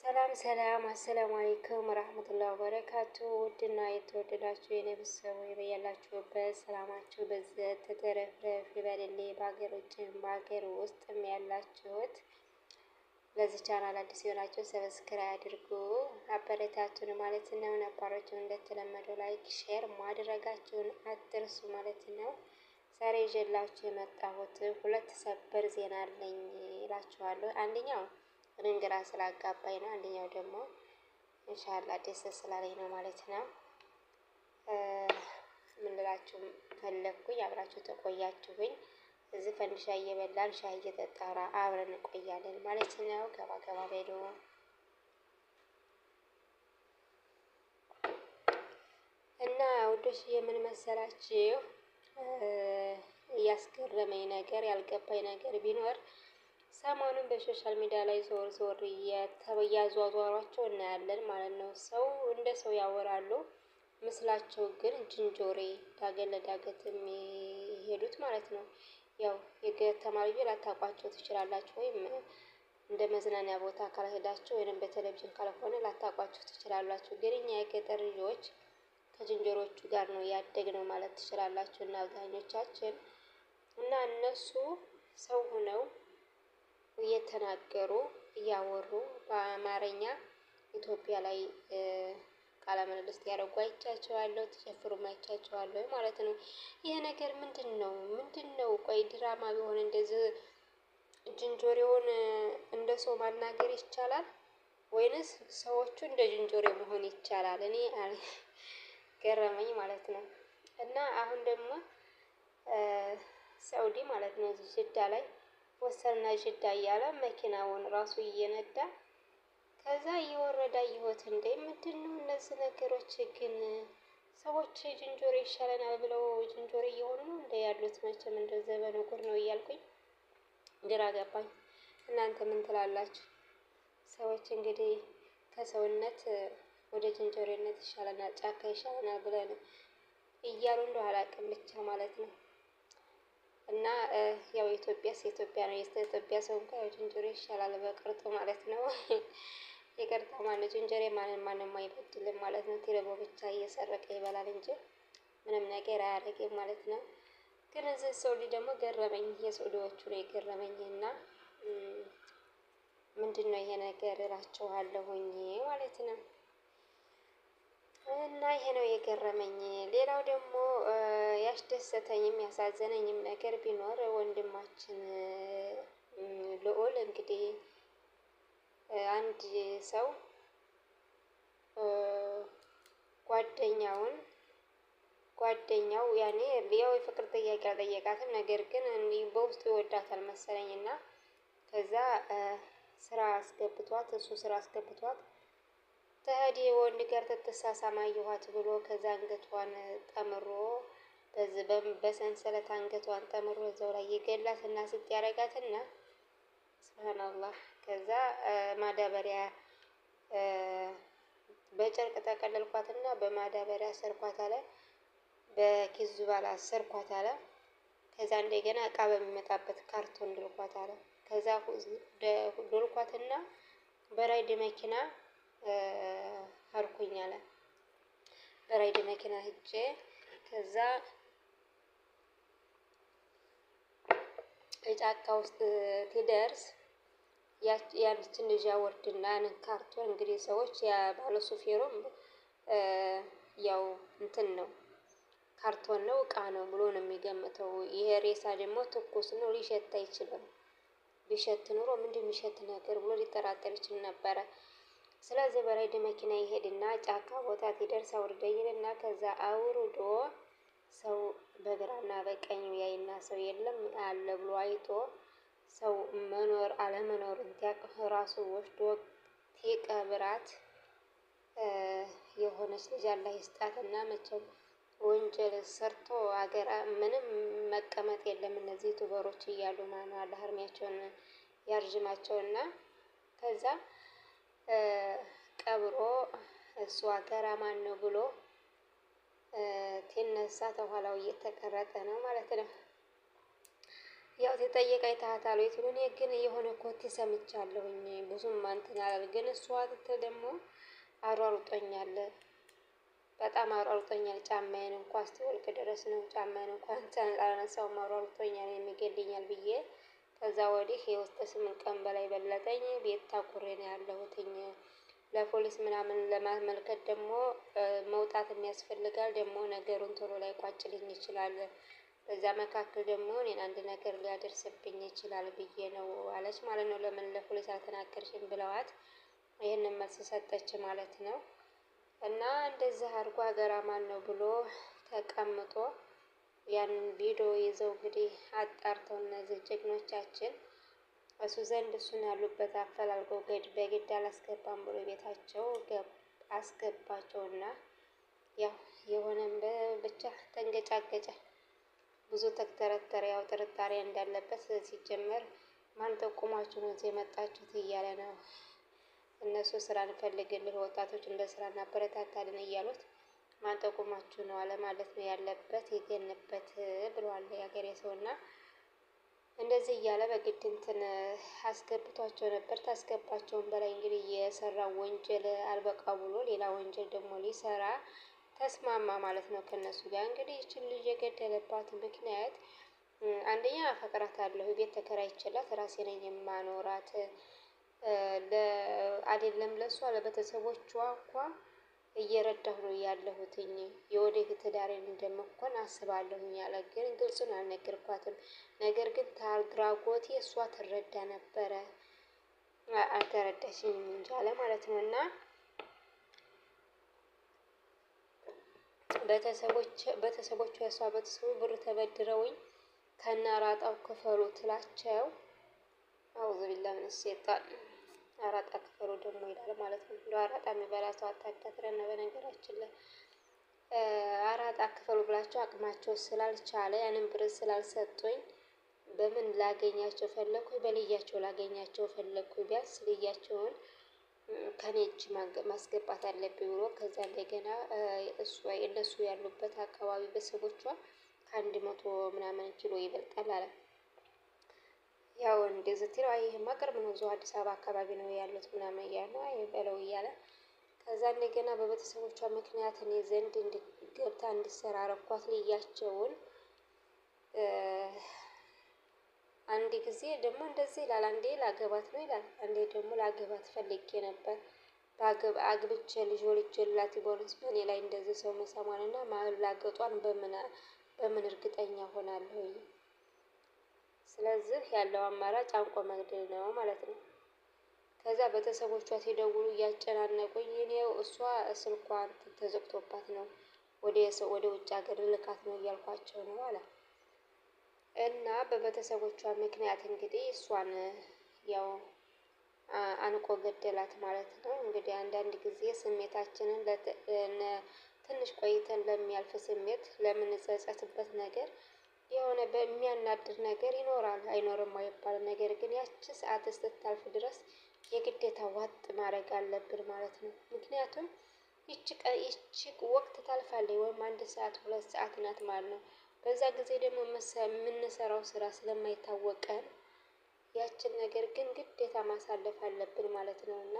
ሰላም ሰላም፣ አሰላሙ አሌይኩም ረህመቱላህ በረካቱ። ውድና የተወደዳችሁ የኔ ቤተሰቦች በያላችሁበት ሰላማችሁ በዘ ተተረፍረፍ ይበልሌ። በሀገር ውጭም በሀገር ውስጥም ያላችሁት ለዚህ ቻናል አዲስ የሆናችሁ ሰብስክራይብ አድርጉ፣ አበረታቱን ማለት ነው። ነባሮችን እንደተለመደው ላይክ፣ ሼር ማድረጋችሁን አትርሱ ማለት ነው። ዛሬ ይዤላችሁ የመጣሁት ሁለት ሰበር ዜና አለኝ እላችኋለሁ። አንደኛው እኔን ግራ ስላጋባኝ ነው። አንደኛው ደግሞ እንሻላ ደስ ስላለኝ ነው ማለት ነው። ምንላችሁ ፈለግኩኝ አብራችሁ ተቆያችሁኝ። እዚህ ፈንድሻ እየበላን ሻይ እየጠጣራ አብረን እንቆያለን ማለት ነው። ገባ ገባ በሉ እና ውዶች የምን መሰላችሁ እያስገረመኝ ነገር ያልገባኝ ነገር ቢኖር ሰሞኑን በሶሻል ሚዲያ ላይ ዞር ዞር እያዟዟሯቸው እናያለን ማለት ነው። ሰው እንደ ሰው ያወራሉ ምስላቸው ግን ጅንጆሬ ዳገት ለዳገት የሚሄዱት ማለት ነው። ያው የከተማ ልጆች ላታቋቸው ትችላላችሁ፣ ወይም እንደ መዝናኛ ቦታ ካልሄዳችሁ ወይም በቴሌቪዥን ካልሆነ ላታቋቸው ትችላላችሁ። ግን እኛ የገጠር ልጆች ከዝንጀሮቹ ጋር ነው ያደግነው ማለት ትችላላችሁ እና አብዛኞቻችን እና እነሱ ሰው ሆነው እየተናገሩ እያወሩ በአማርኛ ኢትዮጵያ ላይ ቃለ ምልልስ ያደረጉ አይቻቸዋለሁ፣ ሲጨፍሩም አይቻቸዋለሁ ማለት ነው። ይህ ነገር ምንድን ነው? ምንድን ነው? ቆይ ድራማ ቢሆን እንደዚህ ጅንጆሬውን እንደ ሰው ማናገር ይቻላል ወይንስ ሰዎቹ እንደ ጅንጆሬ መሆን ይቻላል? እኔ ገረመኝ ማለት ነው። እና አሁን ደግሞ ሰውዲ ማለት ነው ጅዳ ላይ ወሰና ጅዳ እያለ መኪናውን ራሱ እየነዳ ከዛ እየወረዳ ይወት እንደ ምንድነው እነዚህ ነገሮች ግን ሰዎች ጅንጆሬ ይሻለናል ብለው ጅንጆሬ እየሆኑ ነው እንደ ያሉት መቼም እንደ ዘበነ ጉር ነው እያልኩኝ ግራ ገባኝ። እናንተ ምን ትላላችሁ? ሰዎች እንግዲህ ከሰውነት ወደ ጅንጆሬነት ይሻለናል፣ ጫካ ይሻለናል ብለን እያሉ እንደው አላውቅም ብቻ ማለት ነው። እና ያው ኢትዮጵያስ ኢትዮጵያ ነው። የኢትዮጵያ ሰው እንኳ ያው ጅንጀሮ ይሻላል በቅርጡ ማለት ነው። ይቅርታ ማለት ጅንጀሬ ማንን ማንም አይበድልም ማለት ነው። ቴሌቦ ብቻ እየሰረቀ ይበላል እንጂ ምንም ነገር አያደርግም ማለት ነው። ግን እዚህ ሰውዲ ደግሞ ገረመኝ፣ የሰውዲዎቹ ነው የገረመኝ እና ምንድን ነው ይሄ ነገር እላቸዋለሁኝ ማለት ነው። እና ይሄ ነው የገረመኝ። ሌላው ደግሞ ያስደሰተኝ የሚያሳዘነኝም ነገር ቢኖር ወንድማችን ልዑል እንግዲህ አንድ ሰው ጓደኛውን ጓደኛው ያኔ ያው የፍቅር ጥያቄ አልጠየቃትም። ነገር ግን በውስጡ ይወዳታል መሰለኝ እና ከዛ ስራ አስገብቷት እሱ ስራ አስገብቷት ተህዲ ወንድ ጋር ተተሳሳማ አየኋት ብሎ ከዛ አንገቷን ጠምሮ በሰንሰለት አንገቷን ጠምሮ እዛው ላይ እና ስጥ ያረጋትና ስብሃናላህ ከዛ ማዳበሪያ በጨርቅ ጠቀለልኳት እና በማዳበሪያ ሰርኳት አለ። በኪዙ ባላ ሰርኳት አለ። ከዛ እንደገና እቃ በሚመጣበት ካርቶን ድልኳት አለ። ከዛ እና በራይድ መኪና ሀርኩኝ አለ። በራይድ መኪና ሂጄ ከዛ ጫካ ውስጥ ትደርስ ያለችን ልጅ አወርድና ንካርቶን እንግዲህ ሰዎች ባለ ሱፌሩም ያው እንትን ነው ካርቶን ነው እቃ ነው ብሎ ነው የሚገምተው። ይሄ ሬሳ ደግሞ ትኩስ ነው ሊሸት አይችልም። ቢሸት ኑሮ ምንድን የሚሸት ነገር ብሎ ሊጠራጠር ይችል ነበረ። ስለዚህ በራይድ መኪና ይሄድና ጫካ ቦታ ሲደርስ አውርደ አውርደኝና ከዛ አውርዶ ሰው በግራና በቀኝ ያይና ሰው የለም አለ ብሎ አይቶ ሰው መኖር አለመኖር ሲያቅፍ ራሱ ወስዶ ቴቀብራት የሆነች ልጅ አላ ይስጣት ይስጣትና መቼም ወንጀል ሰርቶ አገር ምንም መቀመጥ የለም እነዚህ ቱበሮች እያሉ ማነው አላህ እድሜያቸውን ያርዥማቸውና ከዛ ቀብሮ እሷ ገራ ማን ነው ብሎ ትነሳ ተኋላው እየተቀረጠ ነው ማለት ነው። ያው ተጠየቀ ይታታሉ ይትሉ እኔ ግን የሆነ ኮት ሰምቻለሁኝ ብዙም እንትን አላል ግን እሷ ትተ ደግሞ አሯሩጦኛል፣ በጣም አሯሩጦኛል። ጫማዬን እንኳ እስቲ ድረስ ነው ጫማዬን እንኳን ሳላነሳው አሯሩጦኛል፣ የሚገልኛል ብዬ ከዛ ወዲህ የውስጥ ስምንት ቀን በላይ በለጠኝ። ቤት ታኩሬ ነው ያለሁትኝ። ለፖሊስ ምናምን ለማመልከት ደግሞ መውጣት የሚያስፈልጋል። ደግሞ ነገሩን ቶሎ ላይ ቋጭልኝ ይችላል። በዛ መካከል ደግሞ እኔን አንድ ነገር ሊያደርስብኝ ይችላል ብዬ ነው አለች ማለት ነው። ለምን ለፖሊስ አልተናገርሽም ብለዋት ይህንን መልስ ሰጠች ማለት ነው። እና እንደዚህ አድርጎ ሀገራማን ነው ብሎ ተቀምጦ ያንን ቪዲዮ ይዘው እንግዲህ አጣርተው እነዚህ ጀግኖቻችን እሱ ዘንድ እሱን ያሉበት አፈላልጎ ገድ በግድ አላስገባም ብሎ ቤታቸው አስገባቸውና ያው የሆነም ብቻ ተንገጫገጨ። ብዙ ተተረተረ። ያው ጥርጣሬ እንዳለበት ሲጀመር ማን ጠቁማችሁ ነው እዚህ የመጣችሁት እያለ ነው። እነሱ ስራ እንፈልግልህ፣ ወጣቶች እንደ ስራ እናበረታታልን እያሉት ማጠቁማችሁ ነው አለማለት ነው ያለበት የገንበት ብለዋል የሀገሬ ሰው እና እንደዚህ እያለ በግድ እንትን አስገብቷቸው ነበር። ታስገባቸውን በላይ እንግዲህ የሰራ ወንጀል አልበቃ ብሎ ሌላ ወንጀል ደግሞ ሊሰራ ተስማማ ማለት ነው ከነሱ ጋር። እንግዲህ ይችን ልጅ የገደለባት ምክንያት አንደኛ አፈቅራት አለሁ ቤት ተከራይቼላት ራሴ ነኝ የማኖራት አይደለም ለእሷ ለቤተሰቦቿ እንኳ እየረዳሁ ነው ያለሁትኝ የወደፊት ትዳሬን እንደምኮን አስባለሁኝ አለ። ግን ግልጹን አልነገርኳትም። ነገር ግን ታግራጎቴ እሷ ትረዳ ነበረ አልተረዳችኝም እንጂ አለ ማለት ነው። እና ቤተሰቦቹ የእሷ ቤተሰቡ ብር ተበድረውኝ ከናራጣው ክፈሉ ትላቸው አውዝ ቢላ ምን አራጣ ክፈሉ ደግሞ ይላል ማለት ነው። እንደ አራጣ የሚበላ ሰው አታዳግረን። በነገራችን ላይ አራጣ ክፈሉ ብላቸው አቅማቸው ስላልቻለ ያንን ብር ስላልሰጡኝ በምን ላገኛቸው ፈለኩ በልያቸው ላገኛቸው ፈለኩ ቢያንስ ልያቸውን ከኔ እጅ ማስገባት አለብኝ ብሎ ከዛ እንደገና እነሱ ያሉበት አካባቢ በሰቦቿ ከአንድ መቶ ምናምን ኪሎ ይበልጣል አለ ያው እንደዚህ ትለው፣ አይ ይሄማ ቅርብ ነው እዛው አዲስ አበባ አካባቢ ነው ያሉት ምናምን እያለ ነው አይ በለው እያለ ከዛ እንደገና በቤተሰቦቿ ምክንያት እኔ ዘንድ ገብታ እንድሰራ አረኳት ልያቸውን አንድ ጊዜ ደግሞ እንደዚህ ይላል። አንዴ ላገባት ነው ይላል፣ አንዴ ደግሞ ላገባት ፈልጌ ነበር አግብቼ ልጅ ወልጄላት ቦነስ በእኔ ላይ እንደዚህ ሰው መሰሟንና ማላገጧን በምን እርግጠኛ ሆናለሁ? ስለዚህ ያለው አማራጭ አንቆ መግደል ነው ማለት ነው። ከዛ ቤተሰቦቿ ሲደውሉ እያጨናነቁኝ እኔው እሷ ስልኳን ተዘግቶባት ነው ወደ ወደ ውጭ ሀገር ልካት ነው እያልኳቸው ነው አለ እና በቤተሰቦቿ ምክንያት እንግዲህ እሷን ያው አንቆ ገደላት ማለት ነው። እንግዲህ አንዳንድ ጊዜ ስሜታችንን ትንሽ ቆይተን ለሚያልፍ ስሜት ለምንጸጸትበት ነገር የሆነ በሚያናድድ ነገር ይኖራል አይኖርም አይባልም። ነገር ግን ያቺ ሰዓት እስክታልፍ ድረስ የግዴታ ዋጥ ማድረግ አለብን ማለት ነው። ምክንያቱም ይቺ ወቅት ታልፋለች ወይም አንድ ሰዓት ሁለት ሰዓት ናት ማለት ነው። በዛ ጊዜ ደግሞ የምንሰራው ስራ ስለማይታወቀን ያችን ነገር ግን ግዴታ ማሳለፍ አለብን ማለት ነው እና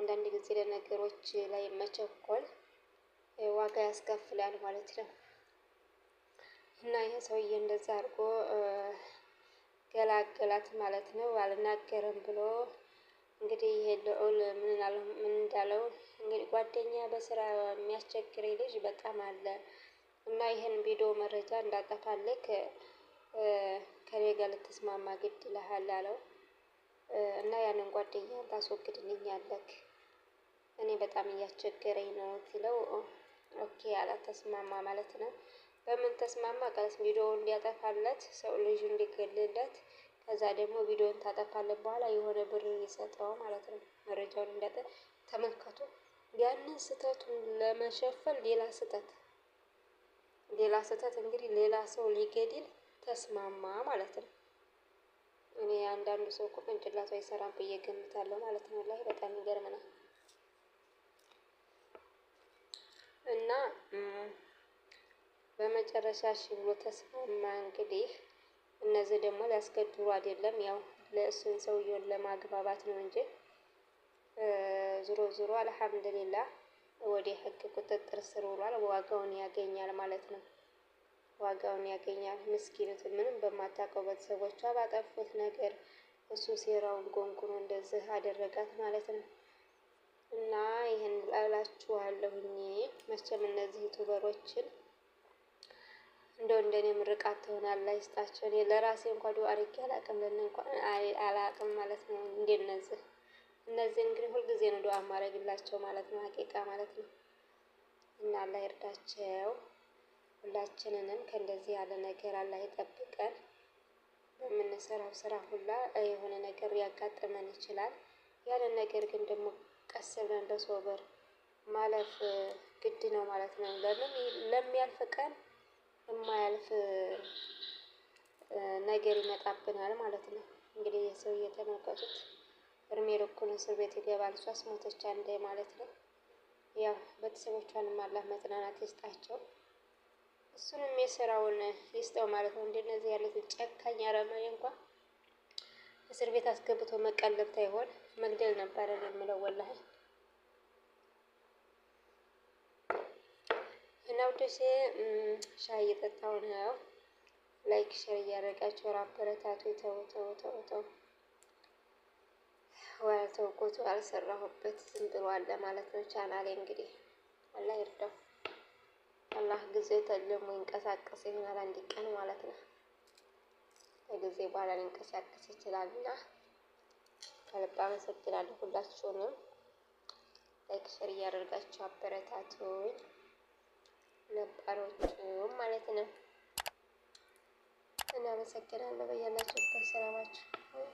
አንዳንድ ጊዜ ለነገሮች ላይ መቸኮል ዋጋ ያስከፍላል ማለት ነው። እና ይህ ሰውዬ እንደዛ አድርጎ ገላገላት ማለት ነው። አልናገርም ብሎ እንግዲህ ይሄ ልዑል ምን እንዳለው እንግዲህ ጓደኛ በስራ የሚያስቸግር ልጅ በጣም አለ እና ይህን ቪዲዮ መረጃ እንዳጠፋልክ ከኔ ጋር ልትስማማ ግድ ይልሃል አለው እና ያንን ጓደኛህን ታስወግድልኛለህ እኔ በጣም እያስቸገረኝ ነው ሲለው ኦኬ አላት። ተስማማ ማለት ነው። በምን ተስማማ? ቀስ ቪዲዮውን እንዲያጠፋለት ሰው ልጁ እንዲገልለት ከዛ ደግሞ ቪዲዮን ታጠፋለት በኋላ የሆነ ብር ይሰጠው ማለት ነው። መረጃውን እንዲያጠ ተመልከቱ። ያንን ስህተቱን ለመሸፈን ሌላ ስህተት ሌላ ስህተት እንግዲህ ሌላ ሰው ሊገድል ተስማማ ማለት ነው። እኔ አንዳንዱ ሰው እኮ ቅንጭላቱ አይሰራም ብዬ ገምታለሁ ማለት ነው። ላይ በጣም ይገርመናል እና በመጨረሻ እሺ ብሎ ተስማማ። እንግዲህ እነዚህ ደግሞ ሊያስገድሩ አይደለም፣ ያው ለእሱን ሰውየውን ለማግባባት ነው እንጂ ዝሮ ዞሮ አልሐምድሊላ ወደ ህግ ቁጥጥር ስር ውሏል። ዋጋውን ያገኛል ማለት ነው። ዋጋውን ያገኛል። ምስኪንት ምንም በማታውቀው ቤተሰቦቿ ባጠፉት ነገር እሱ ሴራውን ጎንጉኖ እንደዚህ አደረጋት ማለት ነው። እና ይህን ላላችኋለሁኝ መቼም እነዚህ ቱበሮችን እንደው እንደኔ ምርቃት ትሆናላ ይስጣቸው። እኔ ለራሴ እንኳ ዱዓ አድርጌ አላቅም ለእነ እንኳን አላቅም ማለት ነው። እንደነዚህ እነዚህ እንግዲህ ሁልጊዜ ነው ዱዓ ማድረግላቸው ማለት ነው። ሀቂቃ ማለት ነው። እና አላ ይርዳቸው። ሁላችንንም ከእንደዚህ ያለ ነገር አላ ይጠብቀን። በምንሰራው ስራ ሁላ የሆነ ነገር ያጋጥመን ይችላል። ያንን ነገር ግን ደግሞ ቀስ ብለን በሶበር ማለፍ ግድ ነው ማለት ነው። ለምን ለሚያልፍ ቀን የማያልፍ ነገር ይመጣብናል ማለት ነው። እንግዲህ የሰው እየተመልከቱት እድሜ ልኩን እስር ቤት ይገባል። እሷስ ሞተች አንዴ ማለት ነው። ያው ቤተሰቦቿንም አላህ መጽናናት ይስጣቸው፣ እሱንም የስራውን ይስጠው ማለት ነው። እንደነዚህ ያሉትን ጨካኝ አረማዊ እንኳን እስር ቤት አስገብቶ መቀለብ ታይሆን መግደል ነበረ ነው የምለው ወላሂ። ውዶቼ ሻይ እየጠጣሁ ነው። ላይክ ሸር እያደረጋችሁ አበረታቱ። ተው ተው ተው ተው ዋልተውቁት አልሰራሁበት ዝም ብሏል ማለት ነው። ቻናሌ እንግዲህ አላህ ይርዳው። አላህ ጊዜ ተልሞ ይንቀሳቀስ ይሆናል አንድ ቀን ማለት ነው። ከጊዜ በኋላ ሊንቀሳቀስ ይችላል እና ከልብ አመሰግናለሁ ሁላችሁንም ላይክ ሸር እያደረጋችሁ አበረታቱኝ። ነባሮቹ ማለት ነው። እናመሰግናለሁ። በያላችሁበት ሰላማችሁ